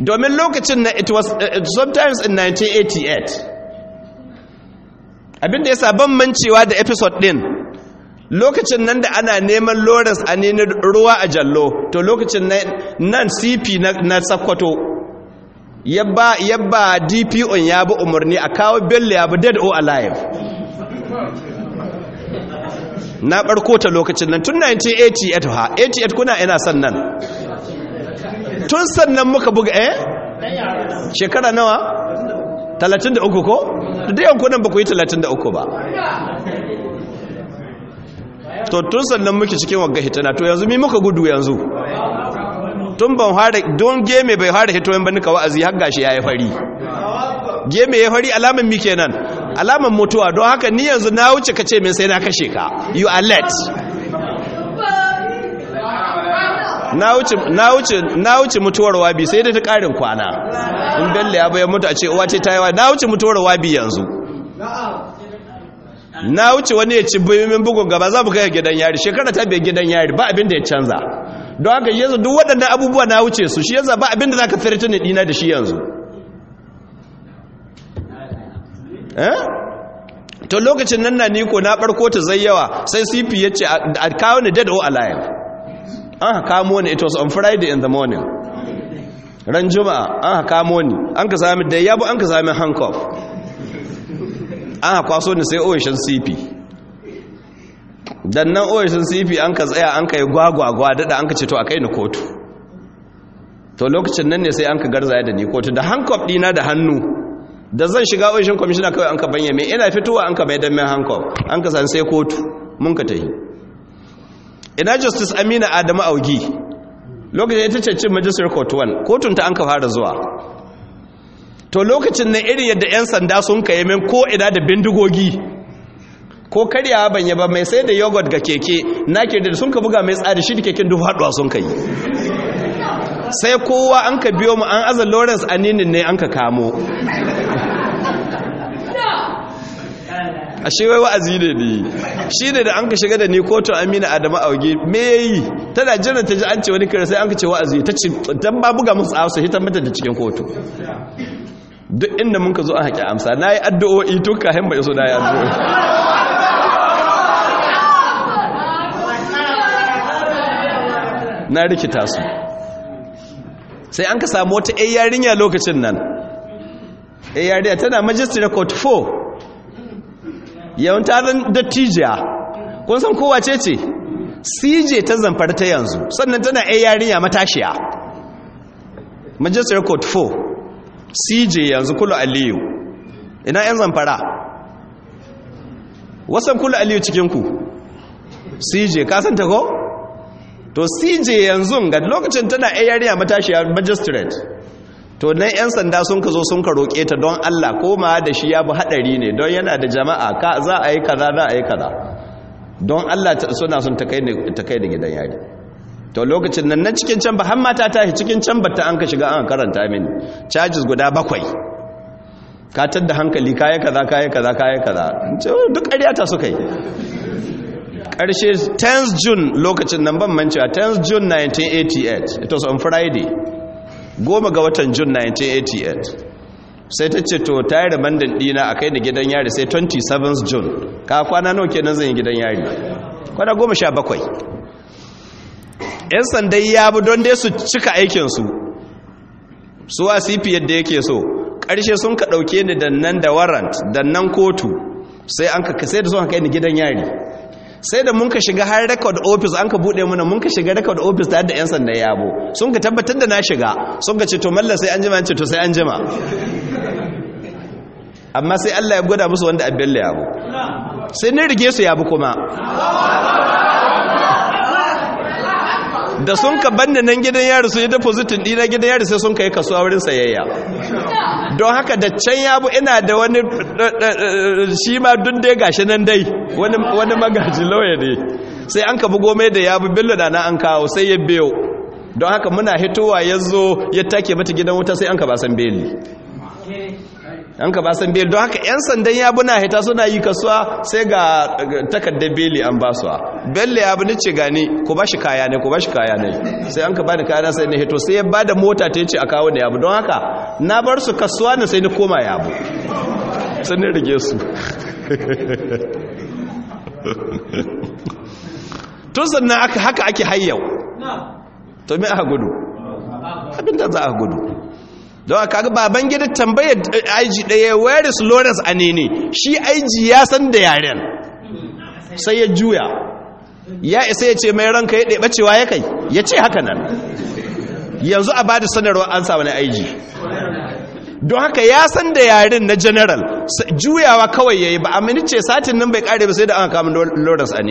domin lokacin na it was uh, sometimes in 1988 abinda ya saban mancewa da episode din lokacin nan da ana neman lawrence a nini ruwa a jallo to lokacin nan cp na, na sakwato yabba yabba dpo ya bi umarni a kawo bill ya bi dead or alive na barko ta lokacin nan tun 1988 ha 88 kuna ina sannan nan tun sannan muka buga eh shekara nawa 33 ko da yankunan ba ku yi 33 ba to tun sannan muke cikin wagga hitana to yanzu mi muka gudu yanzu tun ban fara, don game bai fara hitoyin ba nika wa'azi har gashi yayi fari game ya fari alaman mi kenan alaman mutuwa don haka ni yanzu na wuce kace min sai na kashe ka you are late na wuce mutuwar wabi sai dai ta karin kwana in bello ya bayar mutu a ce uwa ce ta yi wa na wuce mutuwar wabi yanzu na wuce wani ya ci bimin bugun gaba za mu kai gidan yari shekara ta bai gidan yari ba abin da ya canza don haka yanzu duk waɗannan abubuwa na wuce su shi yanzu ba abin da za ka firta ne dina da shi yanzu eh? to lokacin nan na niko na barko ta zai yawa sai cp ya ce a kawo ni dead or alive an kamo ni it was on friday in the morning ran juma'a an kamo ni an ka sami da yabo an ka sami hankof an kwaso ni sai ocean cp dan nan ocean cp an ka tsaya an ka yi gwagwagwa dada an ka ce to a kai ni kotu to lokacin nan ne sai an ka garzaya da ni kotu da handcuff dina da hannu da zan shiga ofishin kwamishina kawai an ka banye mai ina fitowa an ka mai don mai hankof an ka san sai kotu mun ka ta yi ina justice amina adamu augi lokacin ita ce cin majalisar kotuwan kotun ta an ka fara zuwa to lokacin na irin yadda 'yan sanda sun ka min ko ina da bindigogi ko karyawa ban ba mai sai da yogurt ga keke na ke da sun ka buga mai tsari shi da keken duk haɗuwa sun ka yi sai kowa an ka biyo mu an aza lawrence aninin ne an ka kamo ashe wai wa'azi ne ne shi ne da an ka shiga da ni kotun amina adama a wage me ya yi tana jiran ta ji an ce wani kira sai an ka ce wa'azi ta ce dan ba buga musu awasa hitar mata da cikin kotu duk inda mun ka zo an haƙi amsa na yi addu'o'i tun hin bai so na yi addu'o'i na rikita su sai an ka samu wata yarinya lokacin nan yarinya tana majistar court yawon taron dattijiya kun san kowa ce ce cj ta zamfar ta yanzu sannan tana a yarinya matashiya majalisar court 4 cj yanzu kula aliyu ina yan zamfara wasan kula aliyu cikinku cj kasanta ko to cj yanzu ga lokacin tana a yarinya matashiya magistrate to nan 'yan sanda sun ka zo sun ka roƙe ta don Allah koma da shi ya bu haɗari ne don yana da jama'a ka za a yi kaza za a yi kaza don Allah suna sun ta kai da gidan yari to lokacin nan na cikin can ba har mata ta cikin can ba ta an ka shiga an karanta mini charges guda bakwai ka tadda hankali yi kaza yi kaza yi kaza duk ƙarya ta suka yi ƙarshe 10th june lokacin nan ban mancewa 10th june 1988 it was on friday goma ga watan jun 1988 sai ta ce to ta yi rabandin dina a kai da gidan yari sai 27 june ka kwana nau ke zan yi gidan yari kwana goma sha bakwai yan sanda ya bi don dai su cika aikinsu su a cp yadda yake so ƙarshe sun ka ɗauke ni da nan da warrant da nan kotu sai an ka sai da sun ka kai ni gidan yari sai da mun ka shiga har record office an ka bude muna mun ka shiga record office tare da yan sanda yabo sun ka tabbatar da na shiga sun ka ce to malla sai an jima an ce to sai an jima amma sai Allah ya gwada musu wanda abin yabo sai ni rige su yabo kuma da sun ka banda nan gidan yari su yi depositin na gidan yari sai sun kai kasuwa wurin sayayya don haka da can ya bu ina da wani eh, eh, eh, shi ma duk dai gashi nan dai wani magaji lauya ne sai an ka bugo mai da ya bu billo da na an kawo sai ya biyo don haka muna hitowa ya zo ya take mata gidan wuta sai an ka ba san beli an ka ba san biyar, don haka 'yan sandan yabuna hita suna yi kasuwa sai ga takardar beli an ba suwa belle ya bani ce gani ku ba shi kaya ne ku ba shi kaya ne sai an ka ba da kaya na sai na hito sai ya ba da mota ta ce a kawo ya yabu don haka na bar su kasuwa na sai ni koma yabu sai na rige su tun sannan haka ake hayyau to me aka gudu abinda za a gudu don aka ga baban gidan tambayar eh, IG daya, where is lawrence a shi IG ya san da yaren sai ya juya ya isa ya ce mai ranka ya ɗaya cewa ya kai ya ce haka nan yanzu a bada sanarwa an sa wani IG. don haka ya san da yaren na general juyawa kawai ya yi ba ce satin nan bai kare ba sai da an kama lawrence a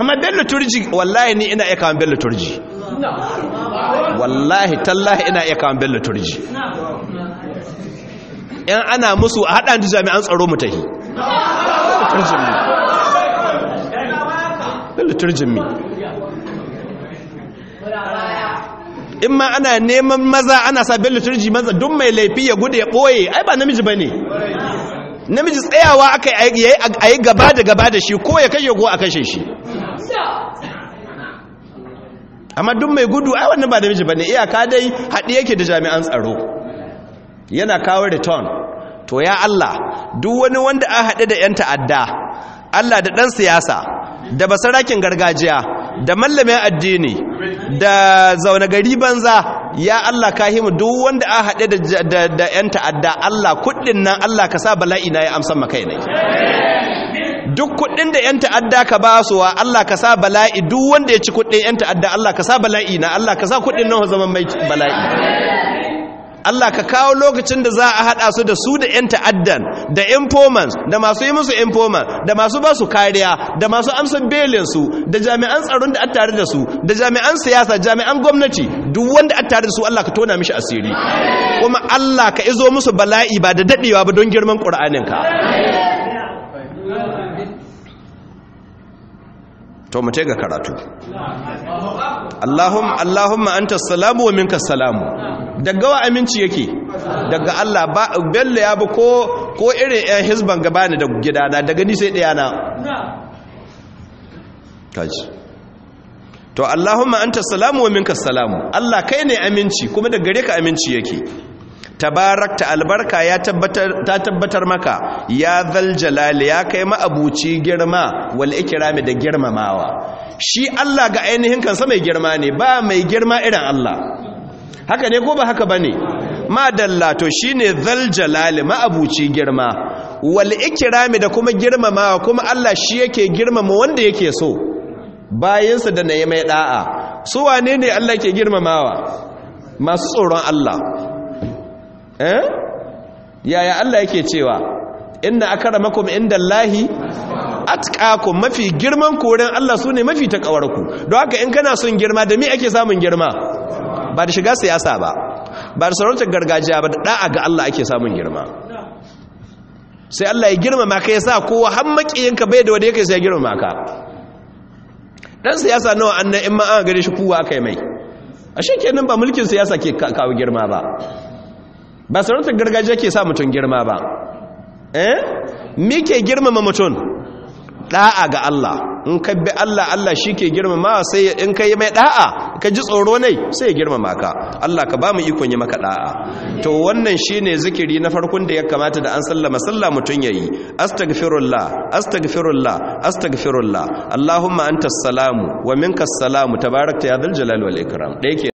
amma bello turji wallahi ni ina iya bello turji wallahi tallahi ina iya kawon bello turji yan ana musu a haɗa da jami'an tsaro mu bello turjin mi in ma ana neman maza ana sa bello turji maza duk mai laifi ya gudu ya ɓoye ai ba namiji ba ne namiji tsayawa aka yi gaba da gaba da shi ko ya kashe ko a kashe shi amma duk mai gudu ai wannan ba da miji bane iyaka dai haɗi yake da jami'an tsaro yana kawo return to ya Allah duk wani wanda an haɗe da yan ta'adda Allah da ɗan siyasa da basarakin gargajiya da mallamin addini da zaune gari banza ya Allah ka himu duk wanda an haɗe da yan ta'adda Allah kuɗin nan Allah ka sa bala'i na ya amsa, maka ne duk kuɗin da 'yan ta'adda ka ba su wa Allah ka sa bala'i duk wanda ya ci kuɗin 'yan ta'adda Allah ka sa bala'i na Allah ka sa kuɗin nan zama mai bala'i Allah ka kawo lokacin da za a haɗa su da su da 'yan ta'addan da informants da masu yi musu informant da masu ba su kariya da masu amsa belinsu da jami'an tsaron da a tare da su da jami'an siyasa jami'an gwamnati duk wanda a tare da su Allah ka tona mishi asiri kuma Allah ka izo musu bala'i ba da daɗewa ba don girman ƙur'aninka to mu ce ga karatu Allahumma Allahumma anta salamu wa minka salamu daga wa aminci yake daga Allah ba bella ya bu ko ko irin ɗan hisban gaba ne da gidana daga ni sai ɗaya na kaji to Allahumma anta salamu wa minka salamu Allah kai ne aminci kuma daga gare ka aminci yake tabarakta albarka ya tabbatar ta tabbatar maka ya zal jalal ya kai ma'abuci girma wal ikrami da girmamawa shi Allah ga ainihin kansa mai girma ne ba mai girma irin Allah haka ne ko ba haka bane dalla to shine zal jalali ma'abuci girma wal ikrami da kuma girmamawa kuma Allah shi yake girmama wanda yake so bayansa da nayi mai da'a su wane ne Allah ke girmamawa masu tsoron Allah Eh? yaya Allah yake cewa inna akramakum indallahi atqakum mafi girman koren Allah sune mafi takawarku don haka in kana son girma da me ake samun girma ba da shiga siyasa ba ba da sarautar gargajiya ba da da'a ga Allah ake samun girma sai Allah ya girmama ka yasa kowa har makiyinka bai da wanda yake sai ya girmama ka dan siyasa nawa annan in ma an gare shi kuwa akai mai ashe kenan ba mulkin siyasa ke kawo girma ba ba sarautar gargajiya ke sa mutum girma ba eh me ke girmama mutum da'a ga Allah in ka bi Allah Allah shi ke girmama sai in ka yi mai da'a ka ji tsoro ne sai ya girmama ka Allah ka ba mu ikon yi maka da'a to wannan shine zikiri na farkon da ya kamata da an sallama sallah mutun yayi astaghfirullah astaghfirullah astaghfirullah allahumma antas salamu wa minkas salamu tabarakta ya dal jalali wal ikram